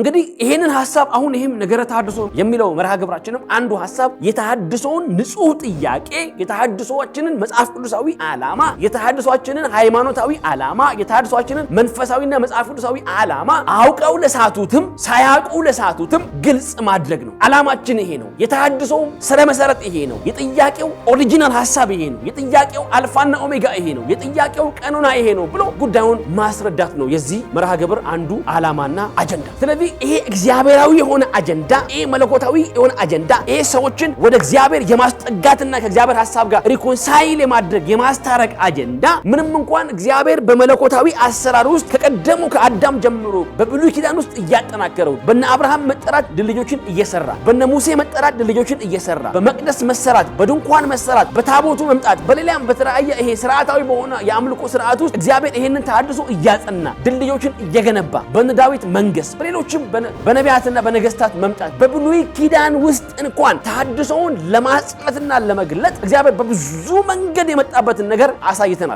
እንግዲህ ይሄንን ሀሳብ አሁን ይህም ነገረ ተሐድሶ የሚለው መርሃ ግብራችንም አንዱ ሀሳብ የተሐድሶውን ንጹህ ጥያቄ፣ የተሐድሶችንን መጽሐፍ ቅዱሳዊ ዓላማ፣ የተሐድሶችንን ሃይማኖታዊ ዓላማ፣ የተሐድሶችንን መንፈሳዊና መጽሐፍ ቅዱሳዊ ዓላማ አውቀው ለሳቱትም ሳያውቁ ለሳቱትም ግልጽ ማድረግ ነው። ዓላማችን ይሄ ነው። የተሐድሶው ስረ መሰረት ይሄ ነው። የጥያቄው ኦሪጂናል ሀሳብ ይሄ ነው። የጥያቄው አልፋና ኦሜጋ ይሄ ነው። የጥያቄው ቀኖና ይሄ ነው ብሎ ጉዳዩን ማስረዳት ነው የዚህ መርሃ ግብር አንዱ ዓላማና አጀንዳ። ስለዚህ ስለዚህ ይሄ እግዚአብሔራዊ የሆነ አጀንዳ፣ ይሄ መለኮታዊ የሆነ አጀንዳ፣ ይሄ ሰዎችን ወደ እግዚአብሔር የማስጠጋትና ከእግዚአብሔር ሀሳብ ጋር ሪኮንሳይል የማድረግ የማስታረቅ አጀንዳ ምንም እንኳን እግዚአብሔር በመለኮታዊ አሰራር ውስጥ ከቀደሙ ከአዳም ጀምሮ በብሉይ ኪዳን ውስጥ እያጠናከረው በነ አብርሃም መጠራት ድልድዮችን እየሰራ በነ ሙሴ መጠራት ድልድዮችን እየሰራ በመቅደስ መሰራት፣ በድንኳን መሰራት፣ በታቦቱ መምጣት፣ በሌላም በተለያየ ይሄ ስርዓታዊ በሆነ የአምልኮ ስርዓት ውስጥ እግዚአብሔር ይሄንን ተሃድሶ እያጸና ድልድዮችን እየገነባ በነ ዳዊት መንገስ በሌሎች በሌሎችም በነቢያትና በነገስታት መምጣት በብሉይ ኪዳን ውስጥ እንኳን ተሐድሶውን ለማጽናትና ለመግለጥ እግዚአብሔር በብዙ መንገድ የመጣበትን ነገር አሳይተናል።